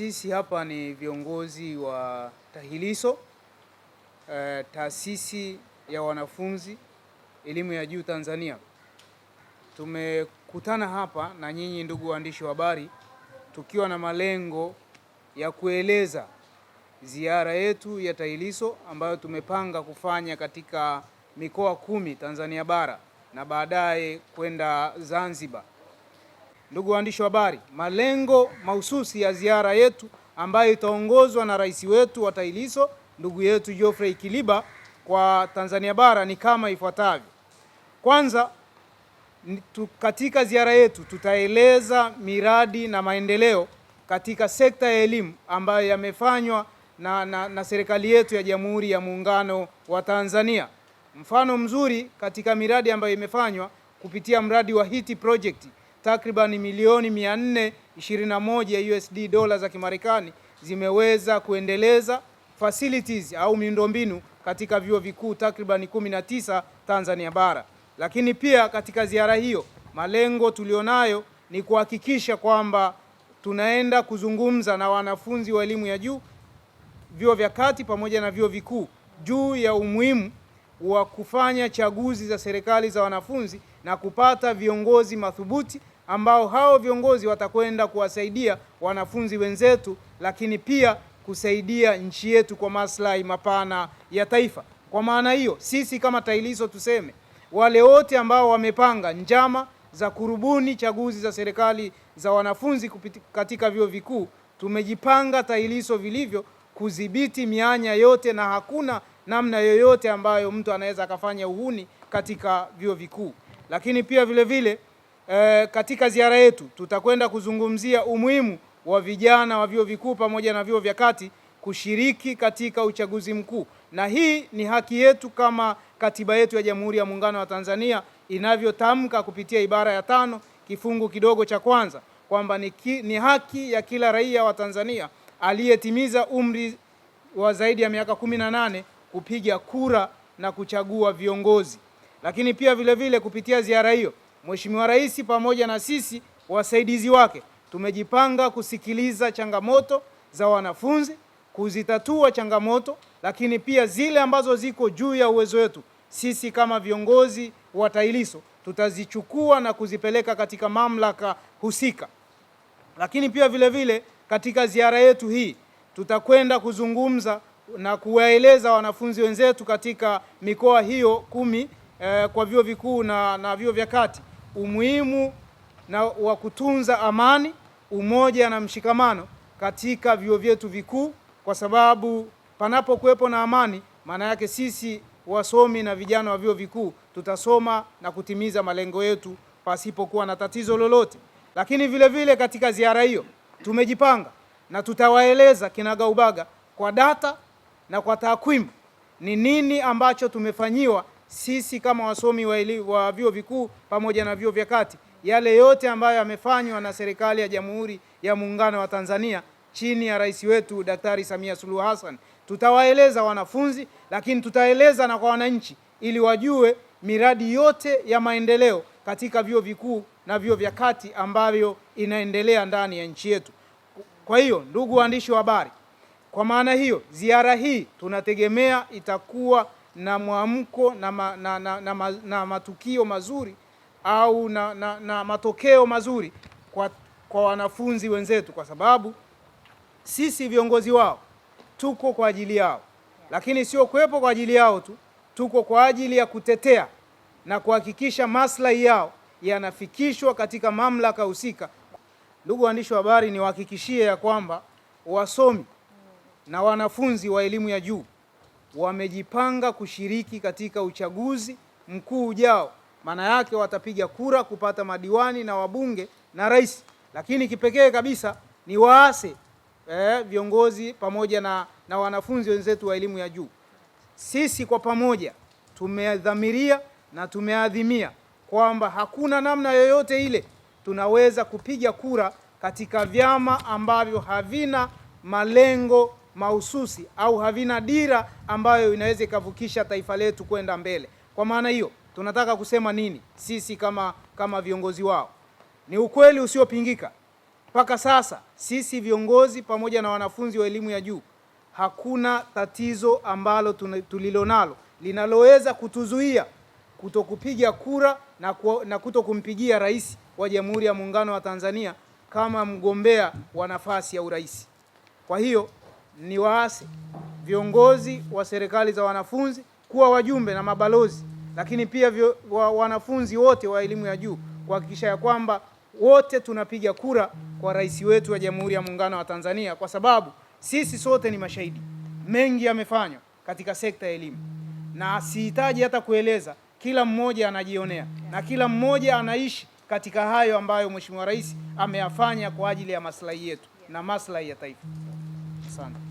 Sisi hapa ni viongozi wa TAHILISO e, taasisi ya wanafunzi elimu ya juu Tanzania. Tumekutana hapa na nyinyi ndugu waandishi wa habari tukiwa na malengo ya kueleza ziara yetu ya TAHILISO ambayo tumepanga kufanya katika mikoa kumi Tanzania bara na baadaye kwenda Zanzibar Ndugu waandishi wa habari, malengo mahususi ya ziara yetu ambayo itaongozwa na rais wetu wa TAHLISO ndugu yetu Geoffrey Kiliba kwa Tanzania bara ni kama ifuatavyo. Kwanza, katika ziara yetu tutaeleza miradi na maendeleo katika sekta ya elimu ambayo yamefanywa na, na, na serikali yetu ya Jamhuri ya Muungano wa Tanzania. Mfano mzuri katika miradi ambayo imefanywa kupitia mradi wa HITI project takribani milioni 421 USD dola za Kimarekani zimeweza kuendeleza facilities au miundombinu katika vyuo vikuu takribani 19 Tanzania bara. Lakini pia katika ziara hiyo, malengo tulionayo ni kuhakikisha kwamba tunaenda kuzungumza na wanafunzi wa elimu ya juu, vyuo vya kati pamoja na vyuo vikuu juu ya umuhimu wa kufanya chaguzi za serikali za wanafunzi na kupata viongozi madhubuti ambao hao viongozi watakwenda kuwasaidia wanafunzi wenzetu, lakini pia kusaidia nchi yetu kwa maslahi mapana ya taifa. Kwa maana hiyo, sisi kama TAHLISO tuseme wale wote ambao wamepanga njama za kurubuni chaguzi za serikali za wanafunzi katika vyuo vikuu, tumejipanga TAHLISO vilivyo kudhibiti mianya yote, na hakuna namna yoyote ambayo mtu anaweza akafanya uhuni katika vyuo vikuu, lakini pia vile vile e, katika ziara yetu tutakwenda kuzungumzia umuhimu wa vijana wa vyuo vikuu pamoja na vyuo vya kati kushiriki katika uchaguzi mkuu, na hii ni haki yetu kama katiba yetu ya Jamhuri ya Muungano wa Tanzania inavyotamka kupitia ibara ya tano kifungu kidogo cha kwanza kwamba ni, ki, ni haki ya kila raia wa Tanzania aliyetimiza umri wa zaidi ya miaka kumi na nane kupiga kura na kuchagua viongozi. Lakini pia vile vile kupitia ziara hiyo Mheshimiwa Rais pamoja na sisi wasaidizi wake tumejipanga kusikiliza changamoto za wanafunzi, kuzitatua changamoto, lakini pia zile ambazo ziko juu ya uwezo wetu sisi kama viongozi wa TAHLISO tutazichukua na kuzipeleka katika mamlaka husika. Lakini pia vile vile katika ziara yetu hii tutakwenda kuzungumza na kuwaeleza wanafunzi wenzetu katika mikoa hiyo kumi eh, kwa vyuo vikuu na, na vyuo vya kati umuhimu na wa kutunza amani, umoja na mshikamano katika vyuo vyetu vikuu, kwa sababu panapokuwepo na amani, maana yake sisi wasomi na vijana wa vyuo vikuu tutasoma na kutimiza malengo yetu pasipokuwa na tatizo lolote. Lakini vile vile katika ziara hiyo tumejipanga na tutawaeleza kinagaubaga kwa data na kwa takwimu ni nini ambacho tumefanyiwa sisi kama wasomi wa, ili, wa vyuo vikuu pamoja na vyuo vya kati, yale yote ambayo yamefanywa na serikali ya Jamhuri ya Muungano wa Tanzania chini ya rais wetu Daktari Samia Suluhu Hassan, tutawaeleza wanafunzi, lakini tutaeleza na kwa wananchi ili wajue miradi yote ya maendeleo katika vyuo vikuu na vyuo vya kati ambavyo inaendelea ndani ya nchi yetu. Kwa hiyo, ndugu waandishi wa habari, kwa maana hiyo ziara hii tunategemea itakuwa na mwamko na, ma, na, na, na, na, na matukio mazuri au na, na, na matokeo mazuri kwa, kwa wanafunzi wenzetu, kwa sababu sisi viongozi wao tuko kwa ajili yao, lakini sio kuwepo kwa ajili yao tu, tuko kwa ajili ya kutetea na kuhakikisha maslahi yao yanafikishwa katika mamlaka husika. Ndugu waandishi wa habari, niwahakikishie ya kwamba wasomi na wanafunzi wa elimu ya juu wamejipanga kushiriki katika uchaguzi mkuu ujao. Maana yake watapiga kura kupata madiwani na wabunge na rais, lakini kipekee kabisa ni waase eh, viongozi pamoja na, na wanafunzi wenzetu wa elimu ya juu. Sisi kwa pamoja tumedhamiria na tumeadhimia kwamba hakuna namna yoyote ile tunaweza kupiga kura katika vyama ambavyo havina malengo mahususi au havina dira ambayo inaweza ikavukisha taifa letu kwenda mbele. Kwa maana hiyo, tunataka kusema nini sisi kama kama viongozi wao? Ni ukweli usiopingika mpaka sasa, sisi viongozi pamoja na wanafunzi wa elimu ya juu, hakuna tatizo ambalo tulilonalo linaloweza kutuzuia kutokupiga kura na, ku, na kuto kumpigia rais wa Jamhuri ya Muungano wa Tanzania kama mgombea wa nafasi ya urais. Kwa hiyo ni waasi, viongozi wa serikali za wanafunzi kuwa wajumbe na mabalozi, lakini pia vyo, wa, wanafunzi wote wa elimu ya juu kuhakikisha ya kwamba wote tunapiga kura kwa rais wetu wa Jamhuri ya Muungano wa Tanzania, kwa sababu sisi sote ni mashahidi, mengi yamefanywa katika sekta ya elimu, na sihitaji hata kueleza, kila mmoja anajionea na kila mmoja anaishi katika hayo ambayo Mheshimiwa Rais ameyafanya kwa ajili ya maslahi yetu na maslahi ya taifa. Sen.